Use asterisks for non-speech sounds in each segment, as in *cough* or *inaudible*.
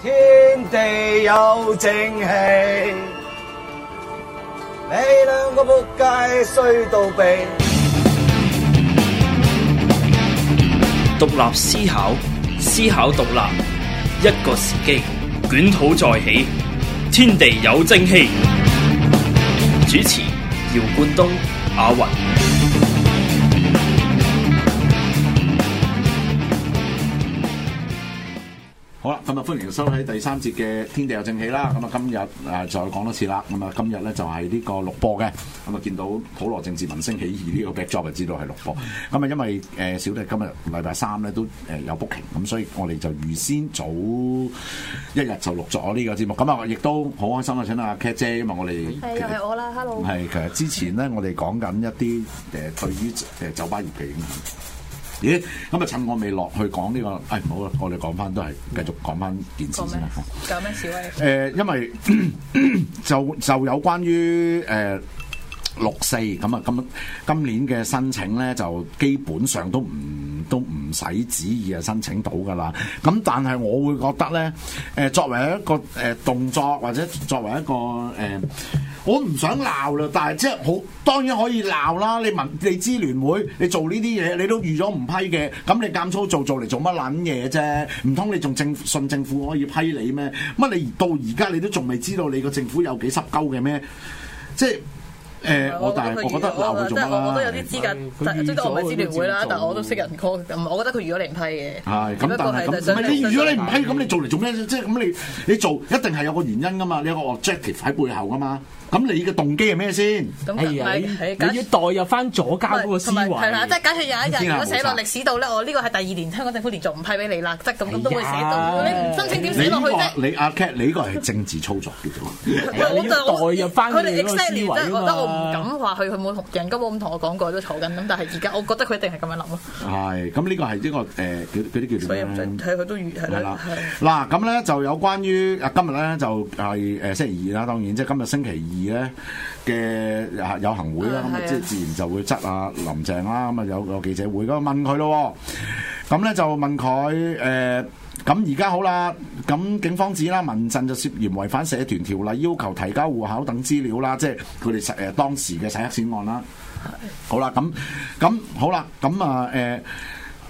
天地有正氣，你兩個仆街衰到痹。獨立思考，思考獨立，一個時機，捲土再起。天地有正氣。主持：姚冠東、阿云。咁啊，歡迎收睇第三節嘅《天地有正氣》啦！咁啊，今日誒再講多次啦。咁啊，今日咧就係呢個錄播嘅。咁啊，見到普羅政治民聲起義呢個 backdrop 就知道係錄播。咁啊、嗯，因為誒小弟今日禮拜三咧都誒有 booking，咁所以我哋就預先早一日就錄咗呢個節目。咁啊，亦都好開心啊！請阿 Cat 姐，因為我哋係我啦，hello。係其實之前咧，我哋講緊一啲誒對於誒酒吧業嘅影響。咦，咁、這個、啊，趁我未落去講呢個，誒唔好啦，我哋講翻都係繼續講翻件事先啦。講咩小威？誒，因為咳咳就就有關於誒。呃六四咁啊，今今年嘅申請呢，就基本上都唔都唔使旨意啊，申請到㗎喇。咁但係我會覺得呢，誒作為一個誒動作，或者作為一個誒、欸，我唔想鬧啦。但係即係好當然可以鬧啦。你問你支聯會，你做呢啲嘢，你都預咗唔批嘅。咁你監粗做做嚟做乜撚嘢啫？唔通你仲政信政府可以批你咩？乜你到而家你都仲未知道你個政府有幾濕鳩嘅咩？即係。誒，我但係我覺得，我覺得我我都有啲資格，即係我唔係支聯會啦，但係我都識人 call。唔，我覺得佢如果你唔批嘅。係，咁但係，唔係你如果你唔批，咁對 你做嚟做咩啫？即係咁，你你做一定係有個原因噶嘛？你有個 objective 喺背後噶嘛？咁、嗯、你嘅動機係咩先？咁唔係，係、嗯、釋要代入翻左家嗰個思維。係啦，即係假設有一日如果寫落歷史度咧，我呢個係第二年香港政府連續唔批俾你啦，即係咁都會寫到。哎、呀你唔申請點寫落去啫、這個？你阿 Cat，、啊、你呢個係政治操作叫做。唔係，我代入翻你個思維啫嘛。佢哋識覺得我唔敢話佢，佢冇同人咁冇咁同我講過都嘈緊咁，但係而家我覺得佢一定係咁樣諗咯。係、哎，咁、這個呃、呢個係呢個誒，啲叫咩？所以唔想睇佢都預係啦。係啦，嗱咁咧就有關於今日咧就係誒星期二啦，當然即係今日星期二。而咧嘅有行會啦，咁啊即係自然就會質啊林鄭啦，咁啊有個記者會咯，問佢咯，咁咧就問佢誒，咁而家好啦，咁警方指啦，民陣就涉嫌違反社團條例，要求提交戶口等資料啦，即係佢哋實誒當時嘅洗黑錢案啦，好啦，咁咁好啦，咁啊誒。嗯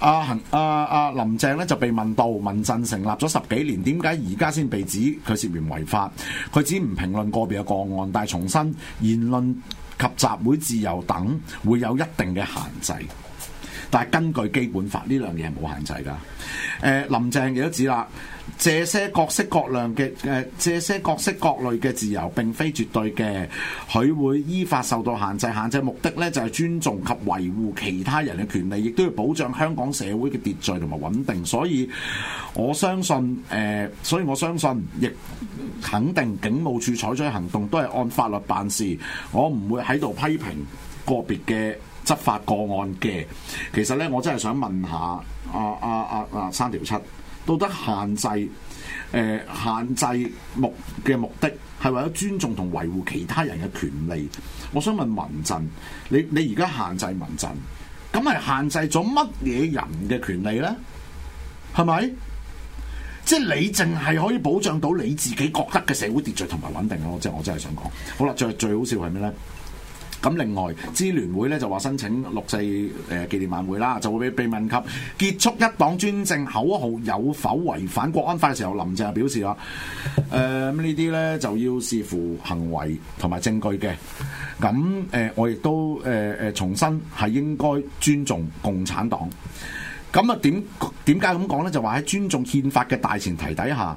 阿阿阿林鄭咧就被問到民陣成立咗十幾年，點解而家先被指佢涉嫌違法？佢指唔評論個別嘅個案，但係重申言論及集會自由等會有一定嘅限制。但係根據基本法呢兩嘢係冇限制㗎。誒、呃，林鄭亦都指啦。這些各式各樣嘅誒，這些各式各類嘅自由並非絕對嘅，佢會依法受到限制。限制目的呢，就係尊重及維護其他人嘅權利，亦都要保障香港社會嘅秩序同埋穩定。所以我相信誒、呃，所以我相信，亦肯定警務處採取行動都係按法律辦事。我唔會喺度批評個別嘅執法個案嘅。其實呢，我真係想問下阿阿阿阿三條七。道德限制，誒、呃、限制目嘅目的係為咗尊重同維護其他人嘅權利。我想問民陣，你你而家限制民陣，咁係限制咗乜嘢人嘅權利咧？係咪？即係你淨係可以保障到你自己覺得嘅社會秩序同埋穩定咯。即係我真係想講。好啦，最最好笑係咩咧？咁另外，支聯會咧就話申請六四誒紀念晚會啦，就會被被問及結束一黨專政口號有否違反國安法嘅時候，林鄭表示啦，誒呢啲咧就要視乎行為同埋證據嘅。咁誒、呃，我亦都誒誒、呃、重申係應該尊重共產黨。咁啊點點解咁講咧？就話喺尊重憲法嘅大前提底下。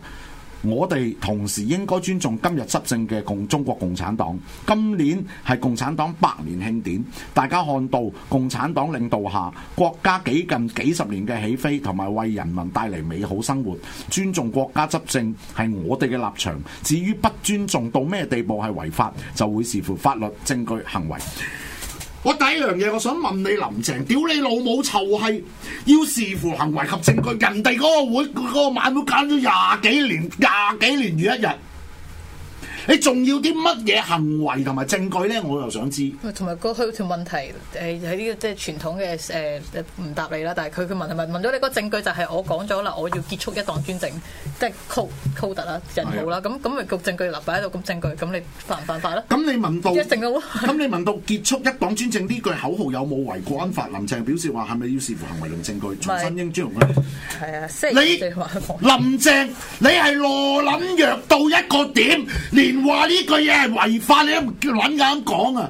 我哋同時應該尊重今日執政嘅共中國共產黨。今年係共產黨百年慶典，大家看到共產黨領導下國家幾近，近幾十年嘅起飛，同埋為人民帶嚟美好生活。尊重國家執政係我哋嘅立場。至於不尊重到咩地步係違法，就會視乎法律證據行為。我第一樣嘢，我想問你，林鄭，屌你老母臭閪，要視乎行為及證據，人哋嗰個會嗰個晚會揀咗廿幾年，廿幾年如一日。你仲要啲乜嘢行為同埋證據咧？我又想知。同埋嗰開條問題，誒喺呢個即係傳統嘅誒唔答你啦。但係佢嘅問同埋問到你個證據就係我講咗啦，我要結束一黨專政，即係 co co 特啦，人號啦，咁咁咪個證據嗱擺喺度，咁證據咁你犯唔犯法咧？咁你問到咁你問到結束一黨專政呢句口號有冇違規法？林鄭表示話係咪要視乎行為同證據，重新應專容嗰度？係啊，你林鄭你係羅撚弱到一個點，連。連話呢句嘢係違法，你都唔捻敢講啊！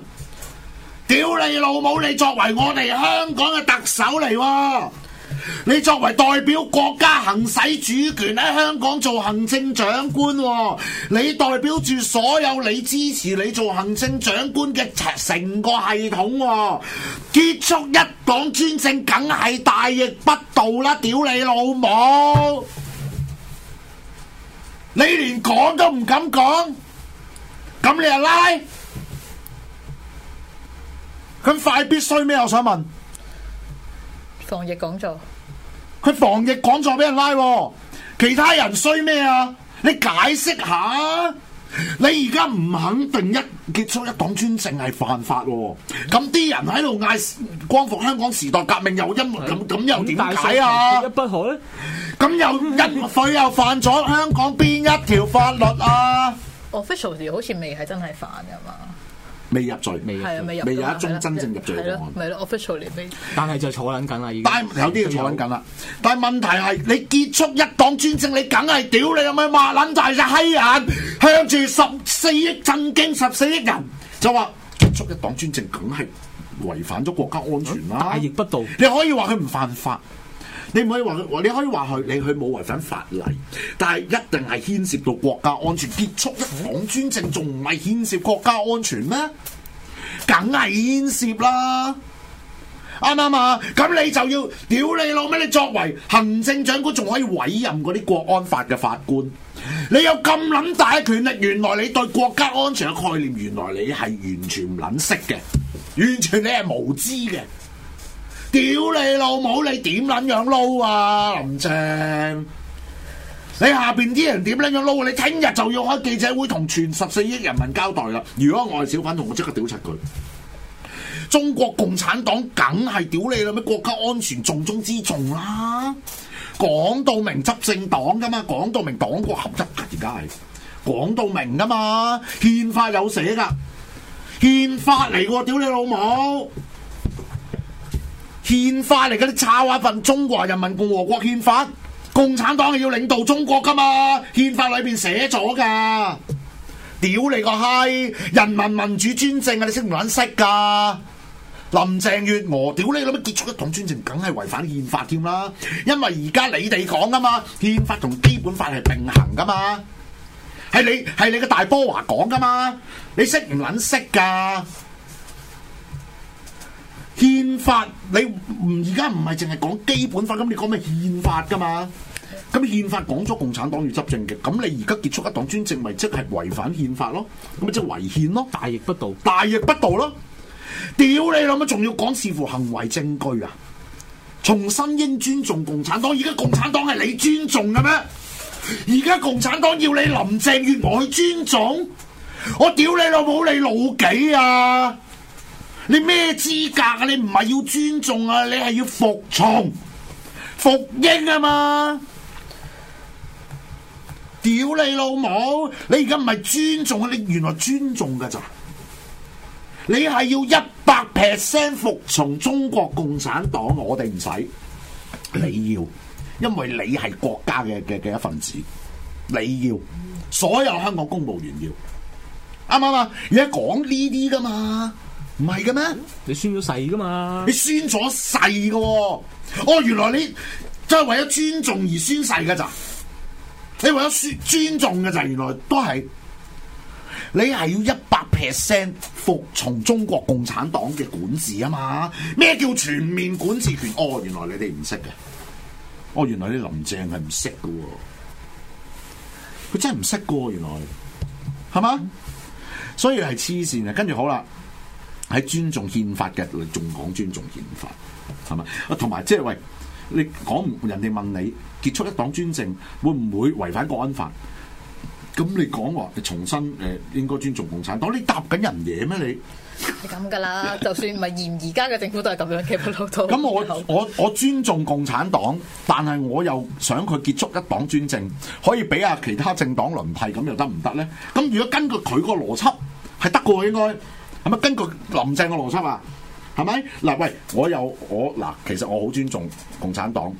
屌你老母！你作為我哋香港嘅特首嚟喎，你作為代表國家行使主權喺香港做行政長官喎，你代表住所有你支持你做行政長官嘅成個系統喎，結束一黨專政梗係大逆不道啦，啊！屌你老母！你連講都唔敢講。咁你又拉？咁快必須咩？我想問防疫講座，佢防疫講座俾人拉，其他人衰咩啊？你解釋下啊！你而家唔肯定一結束一黨專政係犯法，咁啲、嗯、人喺度嗌光復香港時代革命又因咁咁、嗯、又點解啊？一筆海，咁又佢 *laughs* 又犯咗香港邊一條法律啊？official 啲好似未係真係犯噶嘛，未入罪，未係啊，未入罪，未有一宗真正入罪嘅案，咯，official 但係就坐捻緊啦，已經，但係有啲嘢坐捻緊啦。但係問題係，你結束一黨專政，你梗係屌你，你有冇罵捻大隻閪眼，向住十四億震驚十四億人，就話結束一黨專政，梗係違反咗國家安全啦、啊嗯，大逆不道。你可以話佢唔犯法。你唔可以話佢，你可以話佢，你佢冇違反法例，但係一定係牽涉到國家安全，結束一黨專政，仲唔係牽涉國家安全咩？梗係牽涉啦，啱啱啊？咁 *noise* 你就要屌你老咩？你作為行政長官，仲可以委任嗰啲國安法嘅法官？你有咁捻大嘅權力？原來你對國家安全嘅概念，原來你係完全唔捻識嘅，完全你係無知嘅。屌你老母！你點撚樣撈啊，林鄭？你下邊啲人點撚樣撈啊？你聽日就要開記者會同全十四億人民交代啦！如果我係小粉紅，我即刻屌柒佢！中國共產黨梗係屌你啦！咩國家安全重中之重啦、啊！講到明執政黨噶嘛，講到明黨國合一，而家係講到明噶嘛，憲法有寫噶，憲法嚟個、啊！屌你老母！憲法嚟，嗰啲抄下份中華人民共和國憲法，共產黨係要領導中國噶嘛，憲法裏邊寫咗噶！屌你個閪！人民民主專政啊，你識唔捻識噶？林鄭月娥，屌你諗乜結束一黨專政，梗係違反憲法添啦！因為而家你哋講噶嘛，憲法同基本法係並行噶嘛，係你係你個大波華講噶嘛，你識唔捻識噶？憲法，你唔而家唔係淨係講基本法，咁你講咩憲法噶嘛？咁憲法講咗共產黨要執政嘅，咁你而家結束一黨專政，咪即係違反憲法咯？咁咪即係違憲咯？大逆不道，大逆不道咯！屌你老母，仲要講視乎行為證據啊？重新應尊重共產黨，而家共產黨係你尊重嘅咩？而家共產黨要你林鄭月娥去尊重，我屌你老母，你老幾啊？你咩資格啊？你唔係要尊重啊，你係要服從服英啊嘛！屌你老母！你而家唔係尊重啊，你原來尊重噶咋？你係要一百 percent 服從中國共產黨，我哋唔使你要，因為你係國家嘅嘅嘅一份子，你要所有香港公務員要啱唔啱啊？而家講呢啲噶嘛？唔係嘅咩？你宣咗誓噶嘛？你宣咗誓嘅，哦，原來你就係、是、為咗尊重而宣誓嘅咋？你為咗尊尊重嘅咋？原來都係你係要一百 percent 服從中國共產黨嘅管治啊嘛？咩叫全面管治權？哦，原來你哋唔識嘅。哦，原來你林鄭係唔識嘅。佢真係唔識嘅，原來係嘛？嗯、所以係黐線啊！跟住好啦。喺尊重憲法嘅，你仲講尊重憲法係嘛？啊，同埋即係喂，你講人哋問你結束一黨專政會唔會違反國安法？咁你講話你重新誒、呃、應該尊重共產黨，你搭緊人嘢咩？你係咁噶啦，就算唔係現而家嘅政府都係咁樣嘅老土。咁我我我尊重共產黨，但係我又想佢結束一黨專政，可以俾下其他政黨輪替咁，又得唔得咧？咁如果根據佢嗰個邏輯，係得過，應該。係咪根據林鄭嘅邏輯啊？係咪嗱？喂，我有我嗱，其實我好尊重共產黨。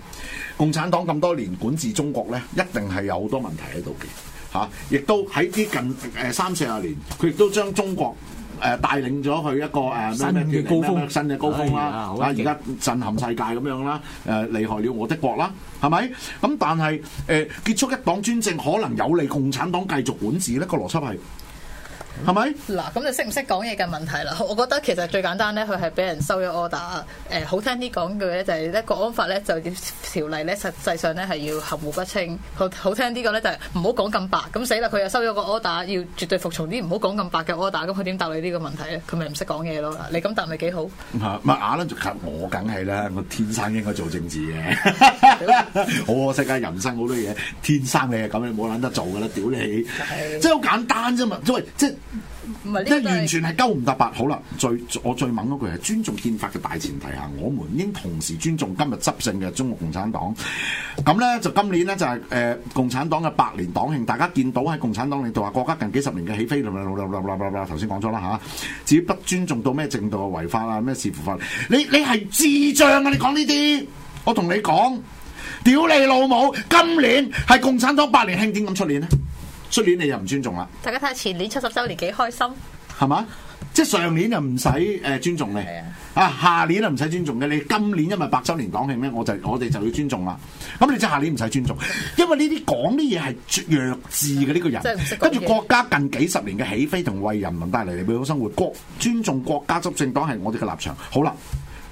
共產黨咁多年管治中國咧，一定係有好多問題喺度嘅嚇。亦、啊、都喺啲近誒三四十年，佢亦都將中國誒、呃、帶領咗去一個誒新嘅高峰，新嘅高峰啦。啊，而家震撼世界咁樣啦，誒、呃、厲害了我的國啦，係咪？咁但係誒、呃、結束一黨專政，可能有利共產黨繼續管治呢、呢個邏輯係。係咪？嗱，咁你識唔識講嘢嘅問題啦。我覺得其實最簡單咧，佢係俾人收咗 order。誒、呃，好聽啲講句咧，就係國安法咧，就條例咧，實際上咧係要含糊不清。好，好聽啲個咧就係唔好講咁白。咁死啦！佢又收咗個 order，要絕對服從啲唔好講咁白嘅 order。咁佢點答你呢個問題咧？佢咪唔識講嘢咯？你咁答咪幾好？唔係，唔係啞卵我梗係啦。我天生應該做政治嘅。 *laughs* 好可惜啊，人生好多嘢，天生你係咁，你冇諗得做噶啦，屌你！即係好簡單啫嘛，因為即係。即係完全係勾唔搭八，好啦，最我最猛嗰句係尊重憲法嘅大前提下，我們應同時尊重今日執政嘅中國共產黨。咁咧就今年呢，就係、是、誒、呃、共產黨嘅百年黨慶，大家見到喺共產黨領導下啊，國家近幾十年嘅起飛啦頭先講咗啦吓，至於不尊重到咩程度嘅違法啊咩視乎法，你你係智障啊！你講呢啲，我同你講，屌你老母！今年係共產黨百年慶典咁出年咧？出年你又唔尊重啦！大家睇下前年七十周年幾開心，係嘛？即係上年就唔使誒尊重你，啊 *laughs* 下年就唔使尊重嘅。你今年因為百周年黨慶咩，我就我哋就要尊重啦。咁你即係下年唔使尊重，因為呢啲講啲嘢係弱智嘅呢 *laughs* 個人，跟住國家近幾十年嘅起飛同為人民帶嚟嘅美好生活，國尊重國家執政黨係我哋嘅立場。好啦。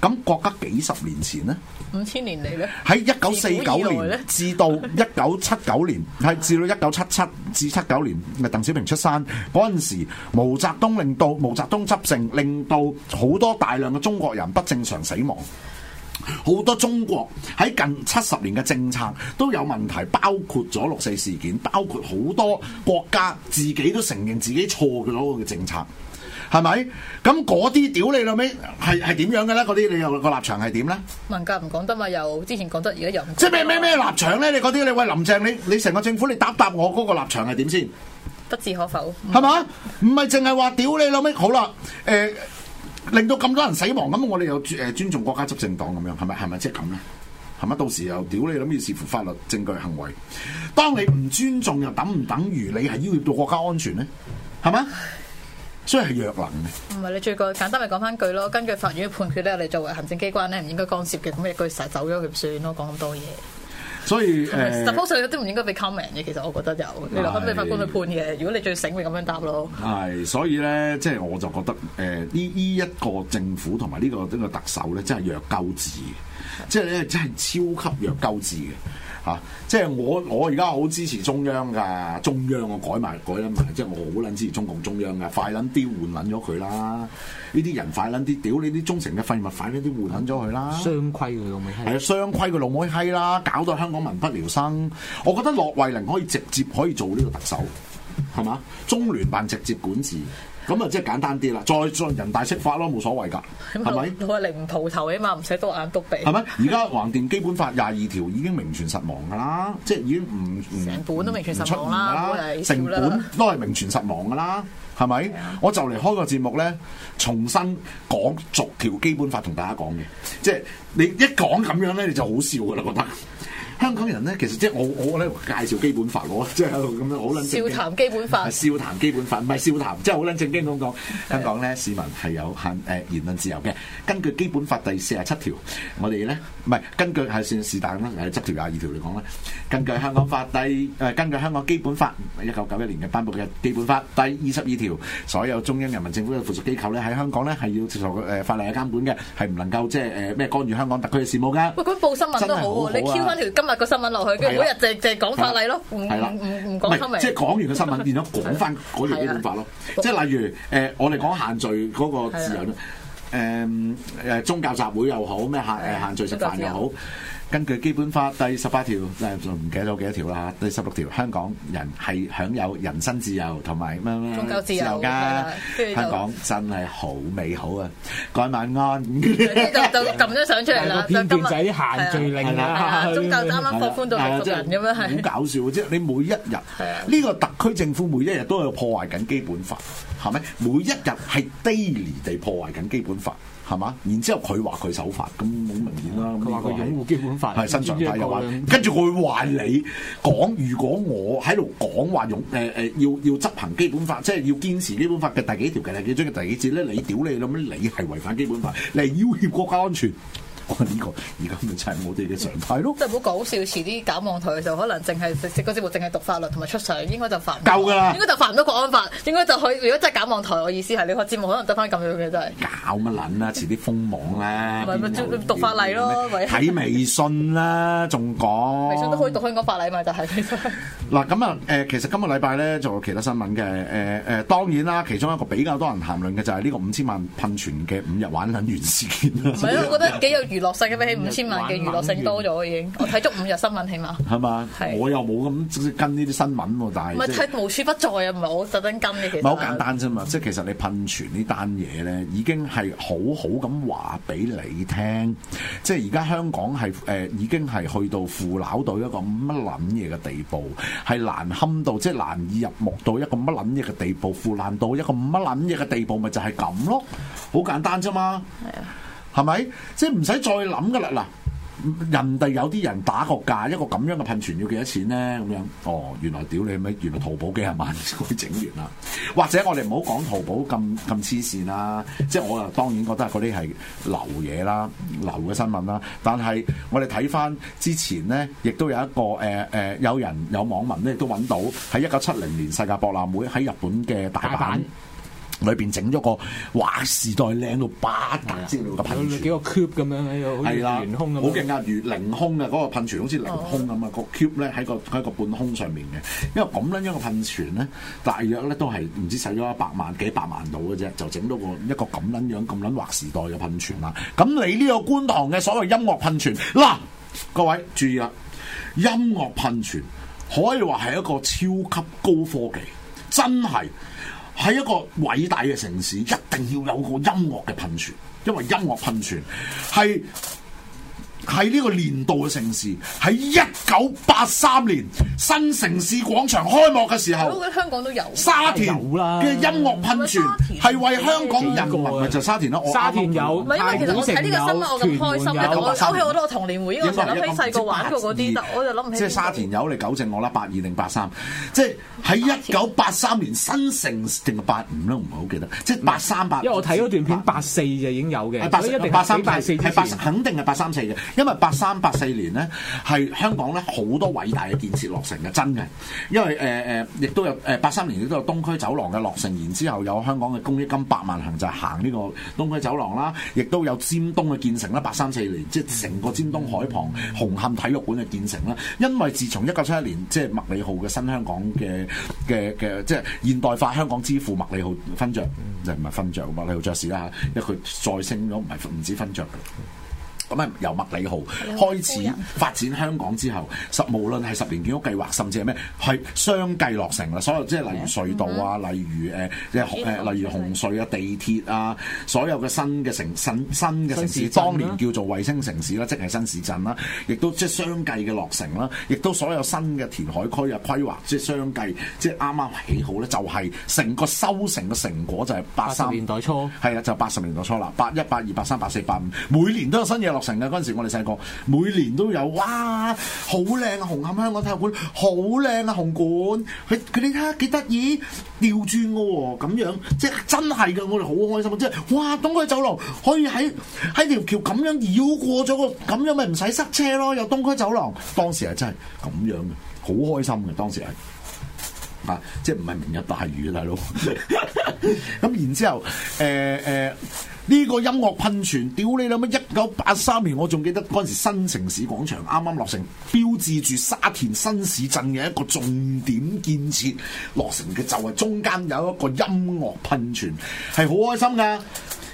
咁國家幾十年前呢？五千年嚟呢？喺一九四九年至到一九七九年，係 *laughs* 至到一九七七至七九年咪鄧小平出山嗰陣時，毛澤東令到毛澤東執政，令到好多大量嘅中國人不正常死亡，好多中國喺近七十年嘅政策都有問題，包括咗六四事件，包括好多國家自己都承認自己錯嘅嗰個嘅政策。係咪？咁嗰啲屌你老味，係係點樣嘅咧？嗰啲你又個立場係點咧？文革唔講得嘛，又之前講得，而家又即係咩咩咩立場咧？你嗰啲你喂林鄭，你你成個政府，你答答我嗰個立場係點先？不置可否。係嘛？唔係淨係話屌你老味，好啦，誒，令到咁多人死亡，咁我哋又誒尊重國家執政黨咁樣，係咪係咪即係咁咧？係咪到時又屌你老味，要視乎法律證據行為？當你唔尊重，又等唔等於你係要挾到國家安全咧？係嘛？即係弱能嘅，唔係你最個簡單，咪講翻句咯。根據法院嘅判決咧，你作為行政機關咧，唔應該干涉嘅，咁一句實走咗佢算咯，講咁多嘢。所以誒 suppose 唔應該被 comment 嘅，其實我覺得有，你留翻俾法官去判嘅。如果你最醒，咪咁樣答咯。係，所以咧，即係我就覺得誒，呢、呃、呢一,一個政府同埋呢個呢個特首咧，真係弱鳩嘅。是即係咧真係超級弱鳩字嘅。即係我我而家好支持中央噶，中央我改埋改咗埋，即係我好捻支持中共中央噶， *music* 快捻啲換捻咗佢啦！呢啲人快捻啲，屌你啲忠誠嘅廢物快，快啲啲換捻咗佢啦！雙規佢老妹閪，係 *music* 雙規佢老母閪啦！搞到香港民不聊生，我覺得駱惠寧可以直接可以做呢個特首，係嘛？中聯辦直接管治。咁啊，即係簡單啲啦，再進人大釋法咯，冇所謂㗎，係咪我？是是我寧唔蒲頭起碼唔使篤眼篤鼻。係咪嗎？而家 *laughs* 《橫掂基本法》廿二條已經名存實亡㗎啦，即係已經唔成本都名存實亡啦，成本都係名存實亡㗎啦，係咪？的我就嚟開個節目咧，重新講逐條基本法同大家講嘅，即係你一講咁樣咧，你就好笑㗎啦，我覺得。香港人呢，其實即係我我咧介紹基本法，我即係喺度咁樣好撚笑談基本法，， *laughs* 笑談基本法，唔係笑談，即係好撚正經咁講。香港呢市民係有限誒言論自由嘅。根據基本法第四十七條，我哋呢，唔係根據係算是但啦，係執條廿二條嚟講啦。根據香港法第誒根據香港基本法一九九一年嘅頒布嘅基本法第二十二條，所有中央人民政府嘅附屬機構呢，喺香港呢係要接受誒法例嘅監管嘅，係唔能夠即係誒咩干預香港特區嘅事務噶。喂，咁報新聞都好喎，好啊、你挑翻條今發個新聞落去，跟住嗰日就就講法例咯，唔唔唔講新聞。唔係， *laughs* 的即係講完個新聞，變咗講翻嗰條基本法咯。即係例如誒、呃，我哋講限聚嗰個自由，誒誒的、嗯、宗教集會又好，咩限誒限聚食飯又好。根據基本法第十八條，就唔記得咗幾多條啦？嚇，第十六條，香港人係享有人身自由同埋咩咩宗教自由㗎。香港真係好美好啊！各位晚安。就撳張相出嚟啦，片仔限聚令嘅，宗教啱啱破風度一個人咁樣係。好搞笑即係！你每一日，呢個特區政府每一日都係破壞緊基本法，係咪？每一日係 daily 地破壞緊基本法。係嘛？然之後佢話佢守法，咁好明顯啦。佢話佢擁護基本法，係新障派又話，是跟住佢會話你講。如果我喺度講話擁誒誒，要要執行基本法，即係要堅持基本法嘅第幾條、第幾章、嘅第幾節咧，你屌你啦咩？你係違反基本法，你係要挾國家安全。呢個而家咪就係我哋嘅常態咯。即係唔好講笑，遲啲搞網台就可能淨係個節目淨係讀法律同埋出相，應該就罰夠㗎啦。應該就罰唔到《國安法》，應該就可以。如果真係搞網台，我意思係你個節目可能得翻咁樣嘅真係。搞乜撚啦？遲啲封網啦。唔係咪？後讀法例咯，睇微信啦，仲講。微信都可以讀香港法例嘛？就係。 *laughs* 嗱咁啊，誒其實今個禮拜咧仲有其他新聞嘅。誒誒當然啦，其中一個比較多人談論嘅就係呢個五千萬噴泉嘅五日玩撚完事件，唔係是 *laughs* 我覺得幾有娛樂性嘅，比起五千萬嘅娛樂性多咗已經。 *laughs* 我睇足五日新聞起碼。係嘛吧？是我又冇咁即係跟呢啲新聞喎，但係。唔係睇無處不在啊，唔係我特登跟嘅。其實好簡單啫嘛， *laughs* 即係其實你噴泉呢單嘢咧，已經係好好咁話俾你聽，即係而家香港係誒、呃、已經係去到腐朽到一個乜撚嘢嘅地步。係難堪到，即係難以入目到一個乜捻嘢嘅地步，腐爛到一個乜捻嘢嘅地步，咪就係、是、咁咯，好簡單啫嘛，係咪的？即係唔使再諗噶啦嗱。人哋有啲人打個價，一個咁樣嘅噴泉要幾多錢呢？咁樣哦，原來屌你咩？原來淘寶幾廿萬先可以整完啦。或者我哋唔好講淘寶咁咁黐線啦，即係我啊當然覺得嗰啲係流嘢啦，流嘅新聞啦。但係我哋睇翻之前呢，亦都有一個誒誒、呃呃、有人有網民咧都揾到喺一九七零年世界博覽會喺日本嘅大阪。裏邊整咗個劃時代靚到八格之類嘅噴泉，幾個 cube 咁樣，好似凌空好勁啊，如凌空嘅嗰個噴泉好似凌空咁啊，哦、個 cube 咧喺個喺個半空上面嘅。因為咁撚樣嘅噴泉咧，大約咧都係唔知使咗一百萬幾百萬度嘅啫，就整到個一個咁撚樣咁撚劃時代嘅噴泉啦。咁你呢個觀塘嘅所謂音樂噴泉，嗱，各位注意啦、啊，音樂噴泉可以話係一個超級高科技，真係。喺一個偉大嘅城市，一定要有個音樂嘅噴泉，因為音樂噴泉係。喺呢個年度嘅城市，喺一九八三年新城市廣場開幕嘅時候，香港都有沙田嘅音樂噴泉，係為香港人民，咪就沙田咯。沙田友，唔係因為其實我睇呢個新聞，我咁開心，一九八三，勾起好多童年回憶，我諗起細個玩過嗰啲，我就諗唔起。即係沙田友你糾正我啦，八二定八三？即係喺一九八三年新城定八五都唔係好記得，即係八三八。因為我睇嗰段片，八四就已經有嘅，八四定八三八四係八，肯定係八三四嘅。因為八三八四年呢，係香港呢好多偉大嘅建設落成嘅，真嘅。因為誒誒，亦、呃、都有誒八三年亦都有東區走廊嘅落成，然之後有香港嘅公益金百萬行就行呢個東區走廊啦，亦都有尖東嘅建成啦，八三四年即係成個尖東海傍紅磡體育館嘅建成啦。因為自從一九七一年即係麥理浩嘅新香港嘅嘅嘅，即係現代化香港之父麥理浩勳爵，就唔係勳爵，麥理浩爵士啦嚇，因為佢再升咗，唔係唔止勳爵咁啊，由麥理浩開始發展香港之後十，無論係十年建屋計劃甚至係咩係相繼落成啦，所有即係例如隧道啊，嗯、例如誒即係誒例如紅隧啊、地鐵鐵啊，嗯、所有嘅新嘅城新新嘅城市，市當年叫做衛星城市啦，即係新市鎮啦，亦都、啊、即係相繼嘅落成啦，亦都所有新嘅填海區嘅規劃即係相繼即係啱啱起好咧，就係、是、成個收成嘅成果就係八十年代初，係啊，就八十年代初啦，八一八二八三八四八五，每年都有新嘢落。就是嗰陣時,我時，我哋細個每年都有哇，好靚啊！紅磡香港體育館好靚啊！紅館佢佢你睇下幾得意，吊轉嘅喎，咁樣即係真係嘅，我哋好開心即係哇，東區走廊可以喺喺條橋咁樣繞過咗個咁樣咪唔使塞車咯，有東區走廊，當時係真係咁樣嘅，好開心嘅，當時係啊，即係唔係明日大嶼大佬。 *laughs* 咁然之後，誒誒，呢個音樂噴泉，屌你諗乜？一九八三年，我仲記得嗰陣時新城市廣場啱啱落成，標誌住沙田新市鎮嘅一個重點建設落成嘅，就係中間有一個音樂噴泉，係好開心噶，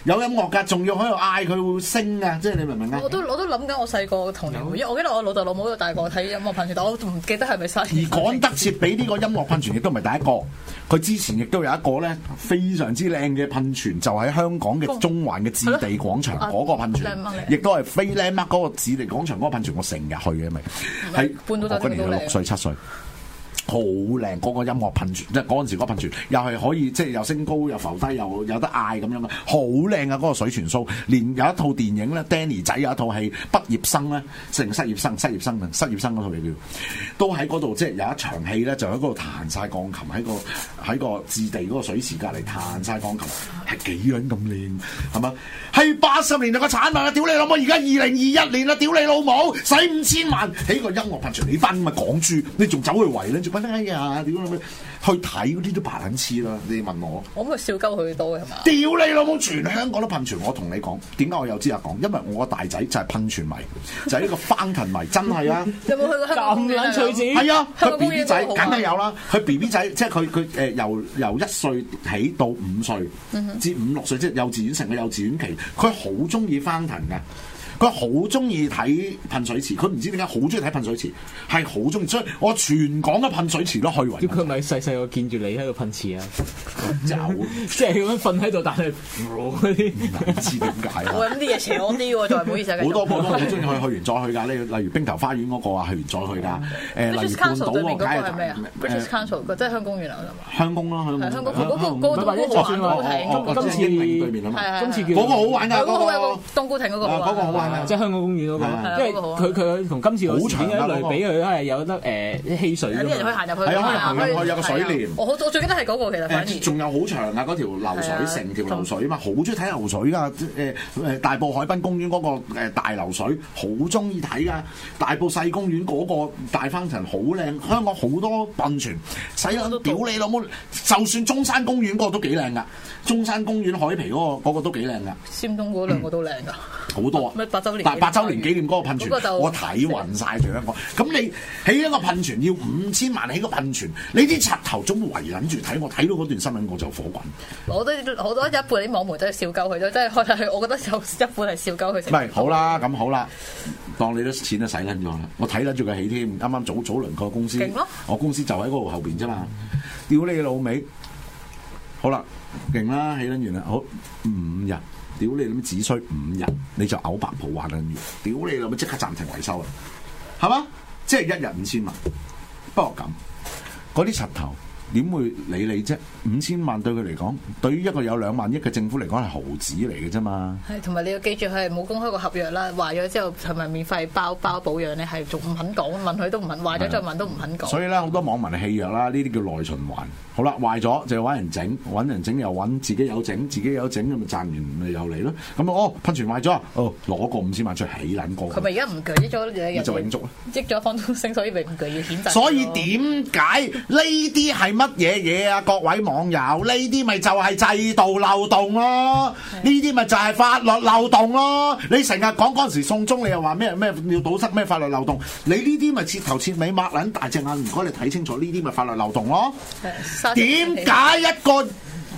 有音樂噶，仲要喺度嗌，佢會升噶，即係你明唔明啊？我都我都諗緊，我細個嘅童年，因為我記得我老豆老母都大個睇音樂噴泉，但我仲唔記得係咪沙田。而廣德捷俾呢個音樂噴泉亦都唔係第一個。佢之前亦都有一個咧，非常之靚嘅噴泉，就喺、是、香港嘅中環嘅置地廣場嗰、oh, 個噴泉，亦都係非 e 靚乜嗰個置地廣場嗰個噴泉，我成日去嘅咪，喺是 *laughs* 我嗰年係六歲七歲。 *laughs* *laughs* 好靚，個、嗰個音樂噴泉，即係嗰陣時噴泉又係可以即係又升高又浮低，又有得嗌咁樣嘅，好靚啊！嗰、嗰個水泉 show，連有一套電影咧，Danny 仔有一套戲《畢業生》咧，成失業生、失業生、失業生嗰套嘢叫，都喺嗰度即係有一場戲咧，就喺嗰度彈晒鋼琴，喺個喺個置地嗰個水池隔籬彈晒鋼琴，係幾樣咁靚，係嘛？係八十年代嘅產物啊！屌你老母，而家二零二一年啦，屌你老母，使五千萬起個音樂噴泉，你翻咪嘅港豬，你仲走去圍咧？啊？如果去睇嗰啲都排緊黐啦！你問我，我咁笑鳩佢多嘅係嘛？屌你老母！全香港都噴泉，我同你講，點解我有資格講？因為我個大仔就係噴泉迷，就係呢個翻騰迷，真係啊！有冇去過香港隨子係啊！佢 BB 仔梗係有啦。佢 BB 仔即係佢佢誒由由一歲起到五歲至五六歲，即係幼稚園成個幼稚園期，佢好中意翻騰㗎。佢好中意睇噴水池，佢唔知點解好中意睇噴水池，係好中意。所以我全港嘅噴水池咯，去完。佢咪細細個見住你喺度噴池啊，走，即係咁瞓喺度，但係嗰啲池點解？我諗啲嘢少啲喎，再唔好意思好多鋪都好中意去，去完再去㗎。例如冰球花園嗰個啊，去完再去㗎。誒，例如半島嗰個係咩啊？British Council 即係香港公園嗰香港咯，香港。香港嗰個嗰個好嗰個玩嗰個。嗰個冬菇亭嗰個嗰個即係香港公園嗰個，因為佢佢同今次好錢嗰啲類，俾佢係有得誒啲戲水咁。有人可行入去，有個水簾。我我最記得係嗰個其實。誒，仲有好長啊！嗰條流水，成條流水嘛，好中意睇流水噶。誒誒，大埔海濱公園嗰個大流水，好中意睇噶。大埔細公園嗰個大 f u 好靚，香港好多噴泉。使緊屌你老母，就算中山公園嗰個都幾靚噶，中山公園海皮嗰個都幾靚噶。尖東嗰兩個都靚噶，好多啊！八周年，八周年紀念嗰個噴泉，我睇暈晒。仲有一個。咁你起一個噴泉要五千萬，起個噴泉，你啲柒頭總圍緊住睇我，睇到嗰段新聞我就火滾。我都好多一半啲網媒都係笑鳩佢都真係，即係、我覺得有一半係笑鳩佢。唔係好啦，咁好啦，當你啲錢都使緊咗啦，我睇得住佢起添。啱啱早早輪個公司，我公司就喺嗰度後邊啫嘛。屌你老味。好啦，勁啦，起緊完啦，好五日。屌你諗，只需五日你就嘔白泡幻影，屌你諗即刻暫停維修啦，係嘛？即係一日五千萬，不過咁嗰啲柒頭。點會理你啫？五千萬對佢嚟講，對於一個有兩萬億嘅政府嚟講係毫子嚟嘅啫嘛。係，同埋你要記住，佢係冇公開過合約啦，壞咗之後係咪免費包包保養咧？係仲唔肯講，問佢都唔肯，壞咗再問都唔肯講。的所以咧，好多網民棄約啦，呢啲叫內循環。好啦，壞咗就揾人整，揾人整又揾自己有整，自己有整咁咪賺完咪又嚟咯。咁哦，噴泉壞咗，哦，攞個、哦、五千萬出去起捻過。佢咪而家唔舉咗，就永續啦。益咗方中星，所以唔舉要譴責。所以點解呢啲係？乜嘢嘢啊，各位網友，呢啲咪就係制度漏洞咯，呢啲咪就係法律漏洞咯。你成日講嗰陣時送中，你又話咩咩要堵塞咩法律漏洞，你呢啲咪徹頭徹尾抹撚大隻眼，啊，如果你睇清楚，呢啲咪法律漏洞咯。點解 *laughs* 一個？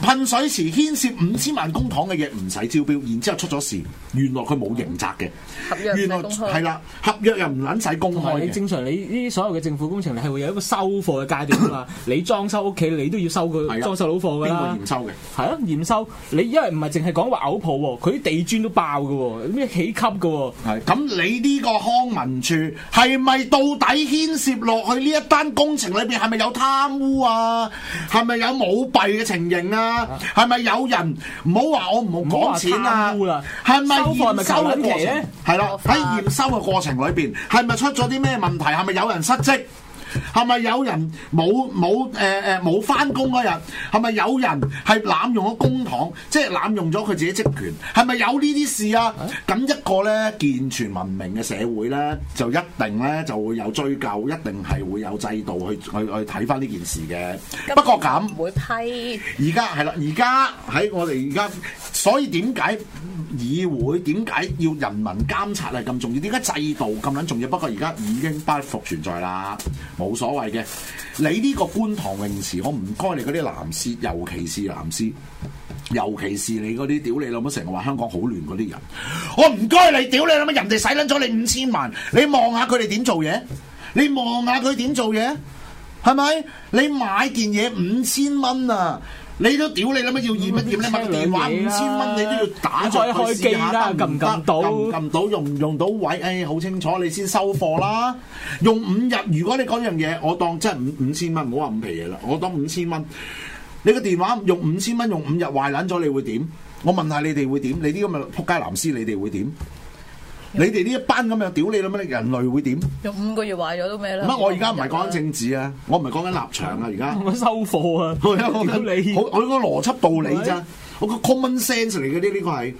噴水池牽涉五千萬公帑嘅嘢唔使招標，然之後出咗事，原來佢冇刑責嘅。合約係啦，合約又唔捻使公開。正常你呢啲所有嘅政府工程，你係會有一個收貨嘅階段噶嘛？ *laughs* 你裝修屋企，你都要收佢的裝修佬貨噶啦。邊個驗收嘅？係啊，驗收。你因為唔係淨係講話嘔鋪，佢啲地磚都爆嘅，咩起級嘅。係咁的，你呢個康文署係咪到底牽涉落去呢一單工程裏邊，係咪有貪污，污啊？係咪有舞弊嘅情形啊？係咪、啊、有人唔好話我唔好講錢啊？係咪驗收期咧？係啦，喺驗收嘅過程裏邊，係咪出咗啲咩問題？係咪有人失職？係咪有人冇冇誒誒冇翻工，嗰日？係咪、呃、有人係濫用咗公帑，即係濫用咗佢自己職權？係咪有呢啲事啊？咁、欸、一個咧健全文明嘅社會咧，就一定咧就會有追究，一定係會有制度去去去睇翻呢件事嘅。不過咁，唔會批。而家係啦，而家喺我哋而家，所以點解議會點解要人民監察係咁重要？點解制度咁撚重要？不過而家已經不復存在啦。冇所謂嘅，你呢個觀塘泳池，我唔該你嗰啲藍絲，尤其是藍絲，尤其是你嗰啲屌你老母成日話香港好亂嗰啲人，我唔該你屌你老母，人哋使撚咗你五千萬，你望下佢哋點做嘢，你望下佢點做嘢，係咪？你買件嘢五千蚊啊！你都屌你諗乜要二蚊？點你買個電話五千蚊，啊，你都要打咗佢試下得唔得？撳唔撳到？用唔用到位？誒、哎，好清楚，你先收貨啦。用五日，如果你講樣嘢，我當真係五五千蚊，唔好話五皮嘢啦，我當五千蚊。你個電話用五千蚊用五日壞爛咗，你會點？我問下你哋會點？你啲咁嘅仆街藍絲，你哋會點？ *music* 你哋呢一班咁樣，屌你啦咩？人類會點？有五個月壞咗都咩啦？乜我而家唔係講緊政治啊，我唔係講緊立場啊，而家收貨啊， *laughs* 我諗我諗個邏輯道理啫， *music* 我個 common sense 嚟嘅啲，呢個係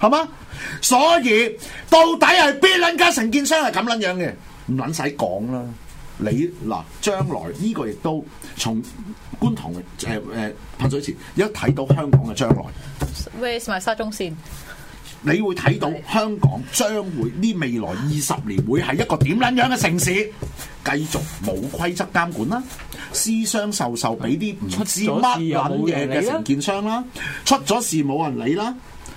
係嗎？所以到底係邊撚家承建商係咁撚樣嘅？唔撚使講啦。你嗱，將來呢個亦都從觀塘誒、誒噴水池一睇到香港嘅將來。Raise 埋沙中線。你會睇到香港將會呢，未來二十年會係一個點樣樣嘅城市？繼續冇規則監管啦，私相授受，俾啲唔知乜嘢嘅承建商啦，出咗事冇人理啦，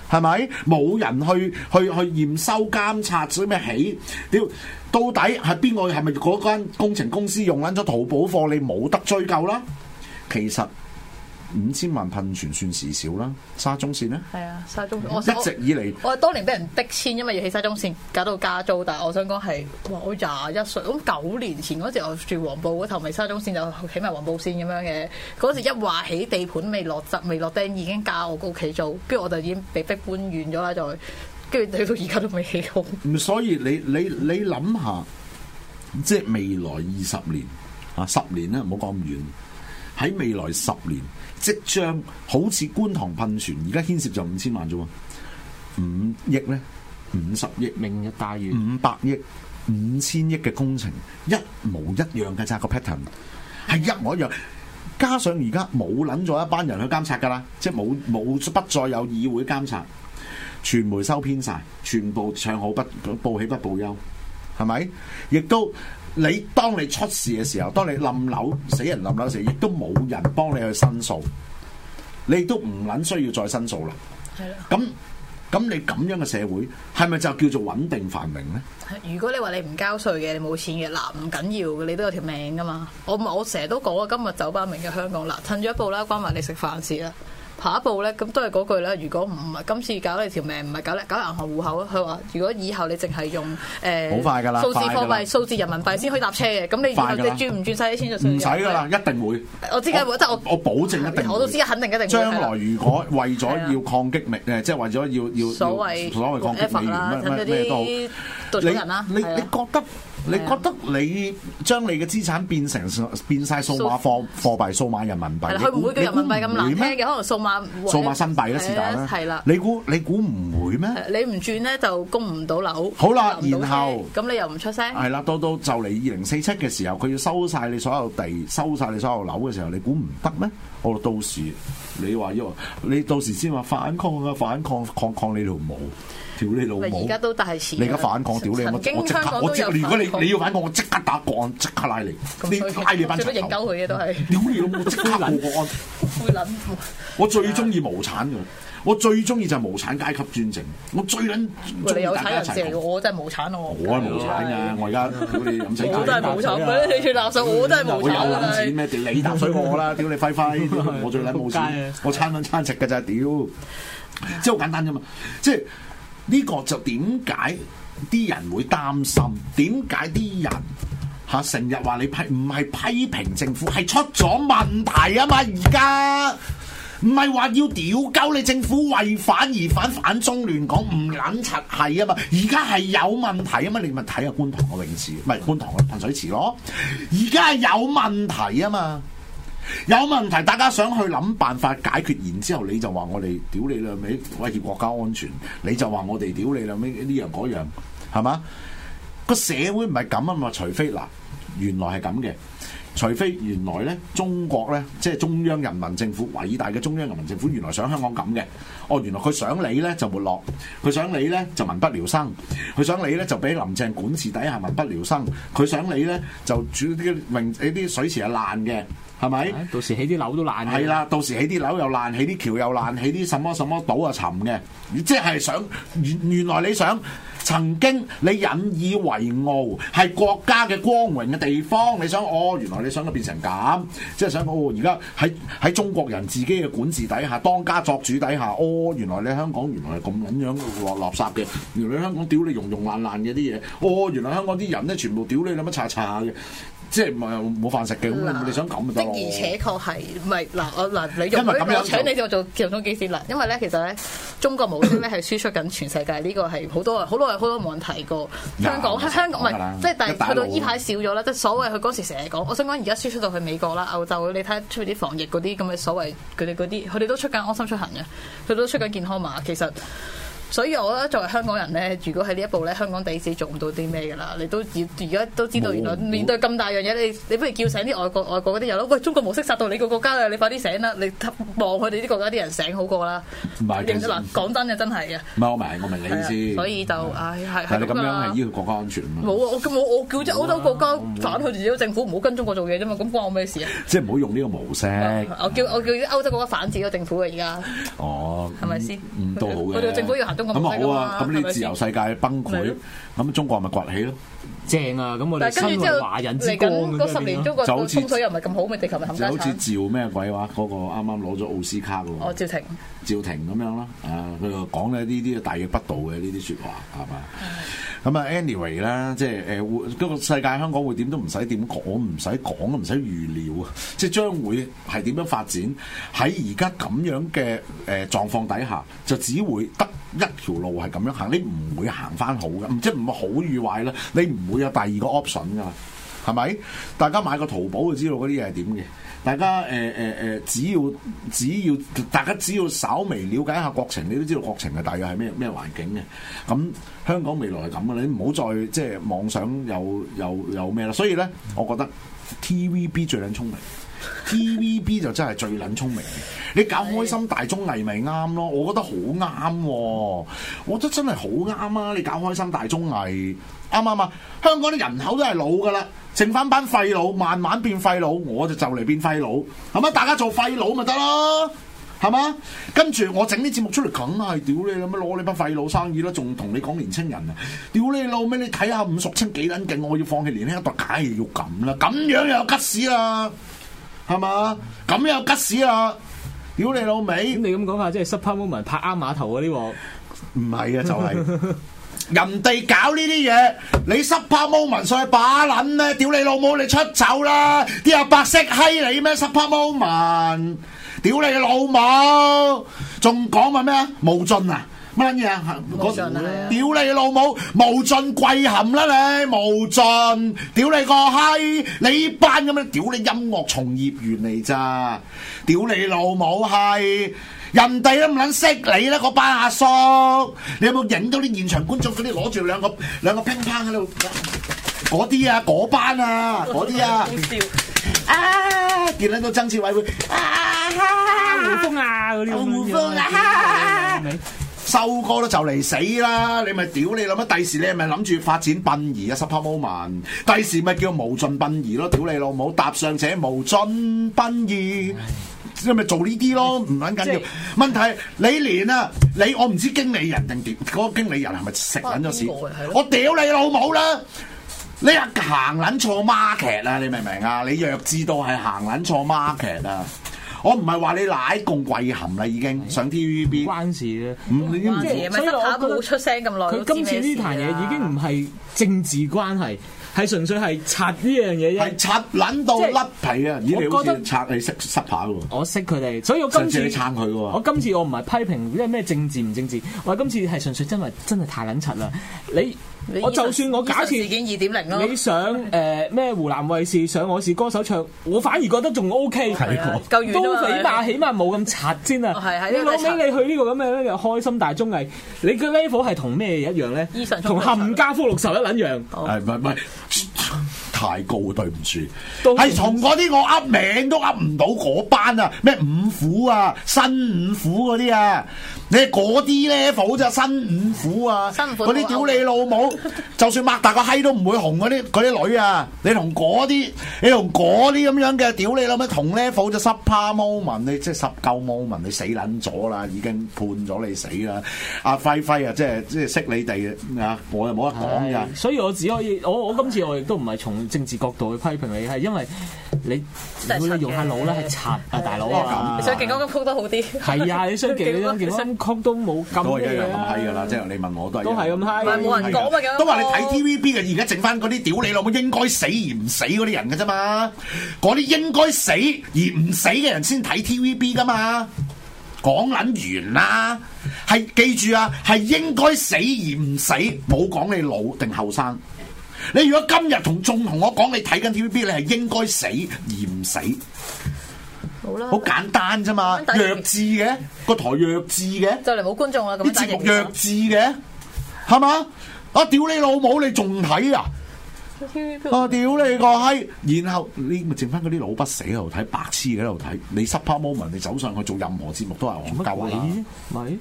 係咪？冇人去去去驗收監察，所以咩起屌？到底係邊個？係咪嗰間工程公司用緊咗淘寶貨？你冇得追究啦。其實。五千萬噴泉算時少啦，沙中線呢？係啊，沙中線我一直以嚟，我係當年俾人逼遷，因為要起沙中線，搞到加租。但係我想講係，我廿一歲，咁九年前嗰時我住黃埔嗰頭咪沙中線就起埋黃埔線咁樣嘅。嗰時，時一話起地盤未落執未落釘，已經加我個屋企租，跟住我就已經被逼搬遠咗啦。再跟住你到而家都未起好。唔，所以你你你諗下，即係未來二十年啊，十年啦，唔好講咁遠。喺未來十年。即將好似觀塘噴泉，而家牽涉就五千萬啫喎，五億呢？五十億，明日大嶼五百億，五千億嘅工程一模一樣嘅，揸個 pattern 係一模一樣，加上而家冇撚咗一班人去監察噶啦，即係冇冇不再有議會監察，傳媒收編晒，全部唱好不報喜不報憂，係咪亦都？你當你出事嘅時候，當你冧樓死人冧樓嘅時候，亦都冇人幫你去申訴，你都唔撚需要再申訴啦。係咯的。咁咁，你咁樣嘅社會係咪就叫做穩定繁榮咧？如果你話你唔交稅嘅，你冇錢嘅，嗱唔緊要嘅，你都有條命噶嘛。我我成日都講啊，今日酒吧，明日香港，嗱，褪咗一步啦，關埋你食飯事啦。跑步咧，咁都係嗰句啦。如果唔係今次搞你條命，唔係搞你搞銀行戶口。佢話：如果以後你淨係用好快㗎啦誒數字貨幣、數字人民幣先可以搭車嘅，咁你以後你轉唔轉晒啲錢就？唔使㗎啦，一定會。我知嘅會，即係我我保證一定。我都知肯定一定。將來如果為咗要抗擊力，誒，即係為咗要要所謂所謂抗擊美元，咩咩都好，讀書人啦。你你覺得？你覺得你將你嘅資產變成變晒數碼貨貨幣、數碼人民幣？係啦，佢唔會叫人民幣咁難聽嘅，可能數碼數碼新幣啦，是但啦。係啦，你估你估唔會咩？你唔轉咧就供唔到樓。好啦，然後咁你又唔出聲？係啦，到到就嚟二零四七嘅時候，佢要收晒你所有地，收晒你所有樓嘅時候，你估唔得咩？我到時你話要，你到時先話反抗啊！反抗抗抗，你條毛。屌你老母！而家都大錢，你而家反抗？屌你！我我即刻，我即刻！如果你你要反抗，我即刻打國安，即刻拉你。你以全部認鳩佢嘅都係。屌你老母！即刻破國安。會諗。我最中意無產嘅，我最中意就係無產階級專政。我最撚中大家一齊講，我真係無產咯。我係無產㗎，我而家好似咁死。我真係無產嘅，你亂垃我真係無產。我有揾錢咩？你你水衰我啦！屌你揮揮，我最撚無錢，我餐揾餐食㗎咋屌！即係好簡單啫嘛，即係。呢個就點解啲人會擔心？點解啲人嚇成、啊、日話你批唔係批評政府係出咗問題啊嘛？而家唔係話要屌鳩你政府為反而反反中亂港唔撚柒係啊嘛？而家係有問題啊嘛？你咪睇下觀塘個泳池，咪係觀塘個噴水池咯，而家係有問題啊嘛！有問題，大家想去諗辦法解決，然之後你就話我哋屌你兩尾、威脅國家安全，你就話我哋屌你兩尾呢樣嗰樣，係嘛？個社會唔係咁啊嘛，除非嗱，原來係咁嘅，除非原來呢中國呢，即係中央人民政府偉大嘅中央人民政府，政府原來想香港咁嘅，哦，原來佢想你呢，就沒落，佢想你呢，就民不聊生，佢想你呢，就俾林鄭管治底下民不聊生，佢想你呢，就煮啲泳啲水池係爛嘅。係咪？到時起啲樓都爛嘅。係啦，到時起啲樓又爛，起啲橋又爛，起啲什麼什麼島啊，沉嘅。即係想原原來你想曾經你引以為傲係國家嘅光榮嘅地方，你想哦，原來你想佢變成咁，即係想哦，而家喺喺中國人自己嘅管治底下、當家作主底下，哦，原來你香港原來係咁樣嘅。垃圾嘅，原來你香港屌你融融爛爛嘅啲嘢，哦，原來香港啲人咧全部屌你諗乜叉叉嘅。即係唔係冇飯食嘅咁，啊、你想咁就的而且確唔係嗱？我嗱、啊，你用佢咪請你做做交通機師嗱？因為咧、就是，其實咧，中國冇咩係輸出緊全世界呢個係好多好多，好多冇人提過、啊、香港。啊、香港唔係即係，但係去到依排少咗啦。即係所謂佢嗰時成日講，我想講而家輸出到去美國啦、歐洲，你睇下出面啲防疫嗰啲咁嘅所謂佢哋嗰啲，佢哋都出緊安心出行嘅，佢都出緊健康碼。其實。所以我覺得作為香港人咧，如果喺呢一步咧，香港第一次做唔到啲咩㗎啦。你都要而家都知道，原來面對咁大樣嘢，你你不如叫醒啲外國外國嗰啲友啦。喂，中國模式殺到你個國家啦，你快啲醒啦！你望佢哋啲國家啲人醒好過啦。唔係，嗱，講真啊，真係啊。我明，我明你意思。所以就唉，係係啦。係你咁樣係呢個國家安全啊嘛。冇啊！我叫我叫啲歐洲國家反佢哋啲政府，唔好跟中國做嘢啫嘛。咁關我咩事啊？即係唔好用呢個模式。我叫我叫啲歐洲國家反佢哋啲政府嘅，而家。哦。係咪先？嗯，都好嘅。我哋政府要行。咁啊好啊，咁你自由世界崩潰，咁吧中國咪崛起咯？吧正啊！咁我哋新華人之光嗰十年都，中國像就好似又唔係咁好，咪地球咪冚家產，就好似趙咩鬼話嗰個啱啱攞咗奧斯卡喎，那個。哦，趙婷。叫停咁樣咯，啊佢又講咧呢啲大逆不道嘅呢啲説話，係嘛？咁啊 *music* ，anyway 啦，即係誒，嗰個世界香港會點都唔使點講，唔使講，唔使預料啊！即係將會係點樣發展？喺而家咁樣嘅誒、呃、狀況底下，就只會得一條路係咁樣行，你唔會行翻好嘅，唔即係唔好與壞啦，你唔會有第二個 option 噶，係咪？大家買個淘寶就知道嗰啲嘢係點嘅。大家誒誒誒，只要只要大家只要稍微了解一下國情，你都知道國情係大概係咩咩環境嘅。咁香港未來係咁嘅，你唔好再即係妄想有有有咩啦。所以呢，我覺得 TVB 最聰明。T V B 就真係最撚聰明，你搞開心大綜藝咪啱咯？我覺得好啱，我覺得真係好啱啊！你搞開心大綜藝啱啱啊？香港啲人口都係老噶啦，剩返班廢佬，慢慢變廢佬，我就就嚟變廢佬。咁啊大家做廢佬咪得咯，係嘛？跟住我整啲節目出嚟，梗係屌你啦，攞你班廢佬生意啦，仲同你講年青人啊，屌你老尾，你睇下伍淑清幾撚勁，我要放棄年青一代，梗係要咁啦，咁樣又有吉屎啊！係嘛？咁又吉屎啦！屌你老味！咁、嗯、你咁講下，即係 Supper Moment 拍啱碼頭嗰啲喎？唔係啊，就係、是、人哋搞呢啲嘢，你 Supper Moment 上去把捻咩？屌你老母，你出走啦！啲阿白色閪你咩 Supper Moment 屌你老母，仲講話咩啊？冇盡啊！乜嘢？我唔會。屌你老母，無盡跪冚啦你，無盡。屌你個閪，你班咁樣屌你音樂從業員嚟咋？屌你老母閪！人哋都唔撚識你啦，嗰班阿叔。你有冇影到啲現場觀眾嗰啲攞住兩個兩個乒乓喺度？嗰啲啊，嗰班啊，嗰啲啊。笑。啊！見到曾志偉，啊！胡風啊，嗰啲。胡風啊！收歌咯就嚟死啦！你咪屌你諗乜？第時你係咪諗住發展殯儀啊？Supper Moment 第時咪叫無盡殯儀咯！屌你老母，搭上者無盡殯儀，咁咪做呢啲咯，唔撚緊要。即問題你連啊，你我唔知經理人定點，嗰、那個經理人係咪食捻咗屎？呢我屌你老母啦！你、啊、行捻錯 market 啊！你明唔明啊？你若知道係行捻錯 market 啊！ *laughs* *laughs* 我唔係話你奶共貴含啦，已經上 TVB 關事啦。唔關，你即係，所以我冇出聲咁耐。佢今次呢壇嘢已經唔係政治關係，係關純粹係拆呢樣嘢啫。係拆撚到甩皮啊！就是、你我覺得拆係識濕跑。我識佢哋，所以我今次，次撐佢。我今次我唔係批評，因為咩政治唔政治，我今次係純粹真係真係太撚柒啦。嗯、你。 *music* 我就算我假設事件二點零咯，你上誒咩湖南衛視上我是歌手唱，我反而覺得仲 O K，夠遠咯，都的起碼起碼冇咁賊先啊！Oh, yes，你老尾的你去呢個咁嘅咧又開心大綜藝，你嘅 level 係同咩一樣咧？同冚 *music* 家福祿壽一撚樣。係咪？太高啊！對唔住，係歉從嗰啲我噏名都噏唔到嗰班啊！咩五虎啊、新五虎嗰啲啊，你嗰啲咧富就新五虎啊，嗰啲新粉 屌你老母，巴就算擘大個閪都唔會紅嗰啲嗰啲女啊！你同嗰啲，你同嗰啲咁樣嘅屌你老母同 moment, 你，同咧富就濕趴毛文，你即係濕鳩毛文，你死撚咗啦！已經判咗你死啦！阿、啊、輝輝啊，即係即係識你哋啊，我又冇得講㗎。所以我只可以，我我今次我亦都唔係從。 *laughs* *laughs* 政治角度去批評你係因為你唔會用下腦咧，係賊啊大佬啊！唱勁歌金曲都好啲。係 *laughs* 啊，你唱勁歌金曲都冇咁。都係一樣咁閪㗎啦，即係你問我都係。都係咁閪。冇人講乜嘅。都話你睇 TVB 嘅，而家剩翻嗰啲屌你老母應該死而唔死嗰啲人㗎啫嘛！嗰啲應該死而唔死嘅人先睇 TVB 㗎嘛！講撚完啦，係記住啊，係應該死而唔死，冇講你老定後生。你如果今日同眾同我講，你睇緊 TVB，你係應該死而唔死，好啦了，好簡單啫嘛，弱智嘅個台弱智嘅，就嚟冇觀眾啦，啲節目弱智嘅，係嘛？啊，屌你老母，你仲睇啊？我 TVB、啊、屌你個閪！然後你咪剩翻嗰啲老不死喺度睇，白痴嘅喺度睇，你 Supper Moment，你走上去做任何節目都係我，乜你、啊？你？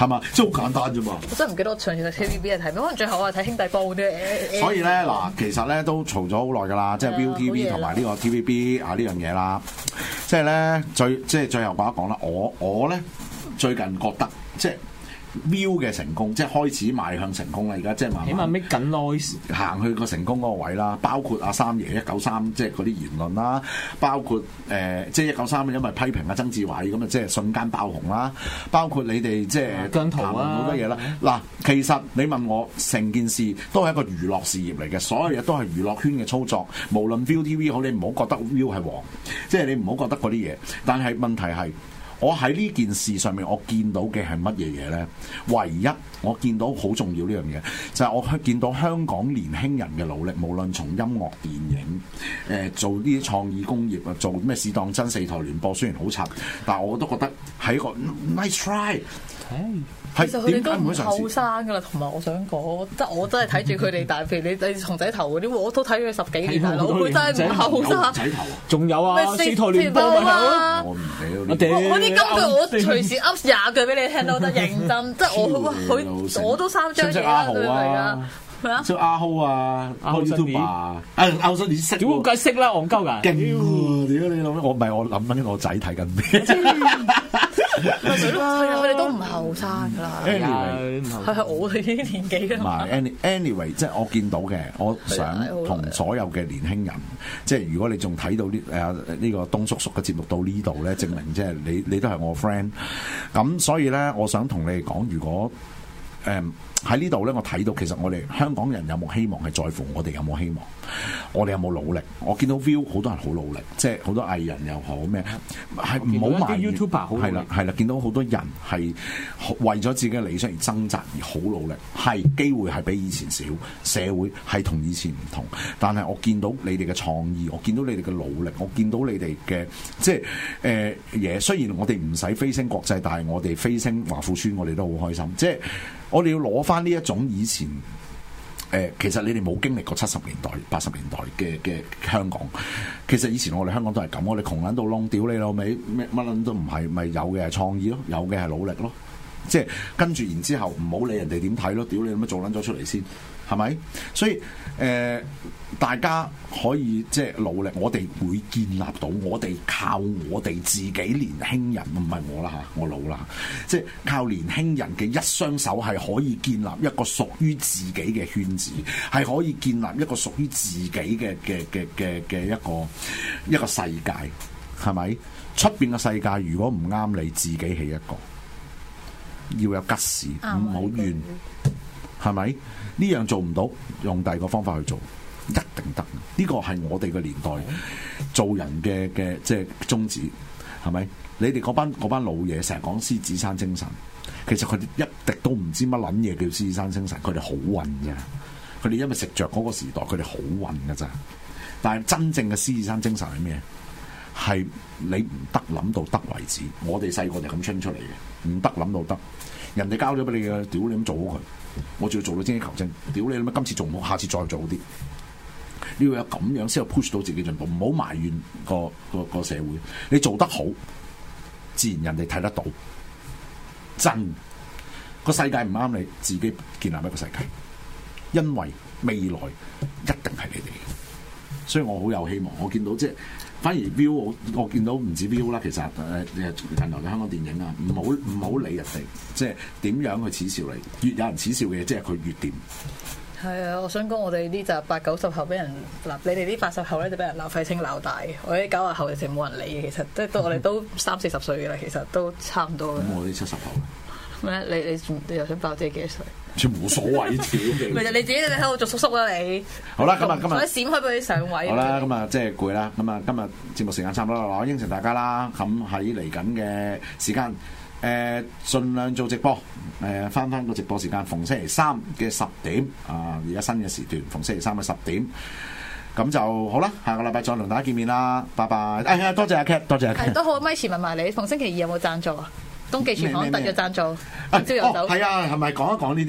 係嘛，即係好簡單啫嘛？我真係唔記得我上次睇 T V B 係睇咩，可能最後我係睇兄弟幫啫。欸欸、所以咧，嗱、嗯，其實咧都嘈咗好耐㗎啦，即係 Viu T V 同埋呢個 T V B 啊呢樣嘢啦。即係咧最即係最後講一講啦，我我咧最近覺得即係。View 嘅成功，即係開始邁向成功啦！而家即係慢慢，起碼 make 緊 noise 行去個成功嗰個位啦。包括阿三爺一九三，即係嗰啲言論啦，包括誒、呃，即係一九三因為批評阿曾志偉，咁啊即係瞬間爆紅啦。包括你哋即係姜濤啊討論到乜嘢啦？嗱，其實你問我成件事都係一個娛樂事業嚟嘅，所有嘢都係娛樂圈嘅操作。無論 View TV 好，你唔好覺得 View 係黃，即係你唔好覺得嗰啲嘢。但係問題係。我喺呢件事上面，我見到嘅係乜嘢嘢咧？唯一我見到好重要呢樣嘢，就係我見到香港年輕人嘅努力，無論從音樂、電影，誒做啲創意工業啊，做咩試當真四台聯播，雖然好賊，但我都覺得係一個 nice try。其實佢哋都唔後生噶啦，同埋我想講，即係我真係睇住佢哋，但係譬如你你蟲仔頭嗰啲，我都睇佢十幾年大佬，真係唔後生。蟲仔頭仲有啊，四台聯播我唔睇嗰今日 *music* 我隨時噏廿句俾你聽都得認真，即係 *laughs* 我好我都三張嘢啦，佢而家係啊，做阿豪啊，阿豪 YouTuber，阿阿 sony 識，屌、啊、我梗識啦，戇鳩噶，驚、嗯、喎，屌、啊、你諗我唔係我諗緊我仔睇緊你。 *laughs* 係啊！啊 anyway，我哋都唔後生㗎啦，係係我哋呢啲年紀嘅。anyway，即係我見到嘅，我想同所有嘅年輕人，即係、 *laughs* 啊、如果你仲睇到呢誒呢個東叔叔嘅節目到呢度咧， *laughs* 證明即係你你都係我 friend。咁 *laughs* 所以咧，我想同你講，如果誒。嗯喺呢度咧，我睇到其實我哋香港人有冇希望，係在乎我哋有冇希望，我哋有冇努力。我見到 View 好多人好努力，即係好多藝人又好咩？係唔好埋 YouTuber 啊！係啦係啦，見到好多人係為咗自己嘅理想而掙扎而好努力。係機會係比以前少，社會係同以前唔同。但係我見到你哋嘅創意，我見到你哋嘅努力，我見到你哋嘅即係誒嘢。雖然我哋唔使飛升國際，但係我哋飛升華富村，我哋都好開心。即係。我哋要攞翻呢一種以前，誒、呃，其實你哋冇經歷過七十年代、八十年代嘅嘅香港。其實以前我哋香港都係咁，我哋窮撚到窿，屌你老味，咩乜撚都唔係，咪有嘅係創意咯，有嘅係努力咯，即係跟住然之後唔好理人哋點睇咯，屌你咁樣做撚咗出嚟先。係咪？所以誒、呃，大家可以即係努力。我哋會建立到，我哋靠我哋自己年輕人，唔係我啦嚇，我老啦。即係靠年輕人嘅一雙手，係可以建立一個屬於自己嘅圈子，係可以建立一個屬於自己嘅嘅嘅嘅嘅一個一個世界，係咪？出邊嘅世界如果唔啱你，自己起一個，要有吉時，唔、嗯、好怨，係咪、嗯？是呢樣做唔到，用第二個方法去做，一定得。呢個係我哋嘅年代，做人嘅嘅即係宗旨，係咪？你哋嗰班班老嘢成日講獅子山精神，其實佢哋一滴都唔知乜撚嘢叫獅子山精神，佢哋好運啫。佢哋因為食着嗰個時代，佢哋好運嘅咋。但係真正嘅獅子山精神係咩？係你唔得諗到得為止。我哋細個就咁 train 出嚟嘅，唔得諗到得。人哋交咗俾你嘅，屌你咁做好佢。嗯我就要做到精益求精，屌你啦！今次做唔好，下次再做好啲。你要有咁樣先有 push 到自己進步，唔好埋怨個個個社會。你做得好，自然人哋睇得到。真個世界唔啱你自己，建立一個世界，因為未來一定係你哋。所以我好有希望，我見到即係。反而標我我見到唔止標啦，其實誒誒近來嘅香港電影啊，唔好唔好理人哋，即係點樣去恥笑你，越有人恥笑嘅嘢，即係佢越掂。係啊，我想講我哋呢集八九十後俾人鬧，你哋啲八十後咧就俾人鬧廢青鬧大嘅，我哋九廿後就成冇人理嘅，其實即係到我哋都三四十歲嘅啦，其實都差唔多。咁、嗯、我哋七十後你你你又想爆自己幾多歲？全無所謂， *laughs* 咪就你自己喺度做叔叔啦、啊，你。啊、好啦，今日今日。閃開俾啲上位。好啦，咁啊，即係攰啦，咁啊，今日節目時間差唔多啦，我應承大家啦，咁喺嚟緊嘅時間，誒、呃，盡量做直播，誒、呃，翻翻個直播時間，逢星期三嘅十點，啊、呃，而家新嘅時段，逢星期三嘅十點，咁就好啦，下個禮拜再同大家見面啦，拜拜，哎、多謝阿 Kat，多謝阿 Kat，都好，Michi 問埋你，逢星期二有冇贊助啊？ *laughs* 冬季廚房特約贊助啊，朝陽島係啊，係咪講一講呢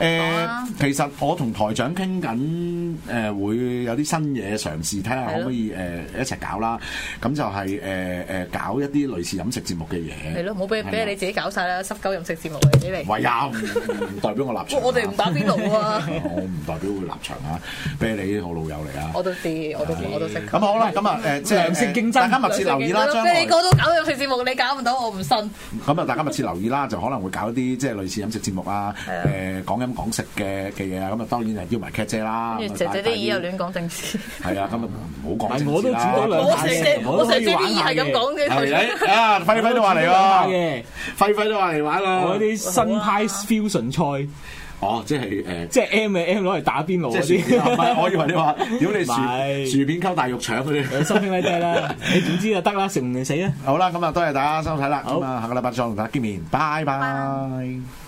啲啊？誒，其實我同台長傾緊，誒會有啲新嘢嘗試，睇下可唔可以誒一齊搞啦？咁就係誒誒搞一啲類似飲食節目嘅嘢。係咯，冇俾俾你自己搞晒啦！濕鳩飲食節目嚟啲嚟，唔係唔代表我立場。我哋唔打邊度啊！我唔代表立場啊！畀你好老友嚟啊！我都知，我都我都識。咁好啦，咁啊誒，良性競爭，大家密切留意啦，張學。畀你過到搞飲食節目，你搞唔到，我唔信。 *laughs* 大家密切留意啦，就可能會搞一啲即係類似飲食節目啊，誒的、呃、講飲講食嘅嘅嘢啊，咁啊當然係邀埋 Cat 姐啦。姐姐啲耳又亂講政治。係啊，今日唔好講政治我都我兩 pair，啲耳係咁講嘅。嚟嚟啊！輝輝都話嚟喎，輝輝都話嚟玩啦。我啲新派 fusion 菜。哦，即係誒，呃、即係 M 嘅 M 攞嚟打邊爐啊！唔係 *laughs* 我以為你話如果你薯薯片溝大肉腸嗰啲、 *laughs* 啊，收聲啦，你點知就得啦，食唔嚟死啊！好啦，咁啊，多謝大家收睇啦，咁啊好，下個禮拜再同大家見面，好拜拜。Bye. 拜拜。